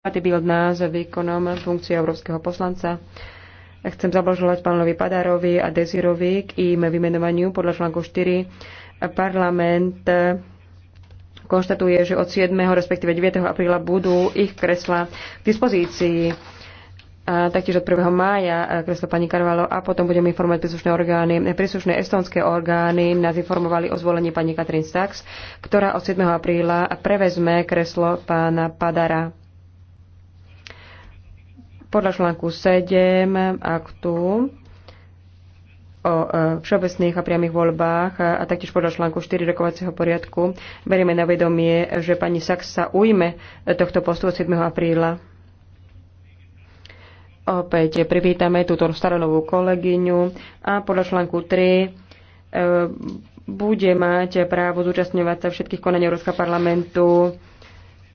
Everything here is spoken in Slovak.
kompatibilná s výkonom funkcie európskeho poslanca. Chcem zablažovať pánovi Padárovi a Desirovi k im vymenovaniu podľa článku 4. Parlament konštatuje, že od 7. respektíve 9. apríla budú ich kresla k dispozícii a taktiež od 1. mája kreslo pani Karvalo a potom budeme informovať príslušné orgány. Príslušné estonské orgány nás informovali o zvolení pani Katrin Sachs, ktorá od 7. apríla prevezme kreslo pána Padara. Podľa článku 7 aktu o e, všeobecných a priamých voľbách a taktiež podľa článku 4 rokovacieho poriadku berieme na vedomie, že pani Sachs sa ujme tohto postu od 7. apríla. Opäť privítame túto staronovú kolegyňu a podľa článku 3 e, bude mať právo zúčastňovať sa všetkých konaní Európskeho parlamentu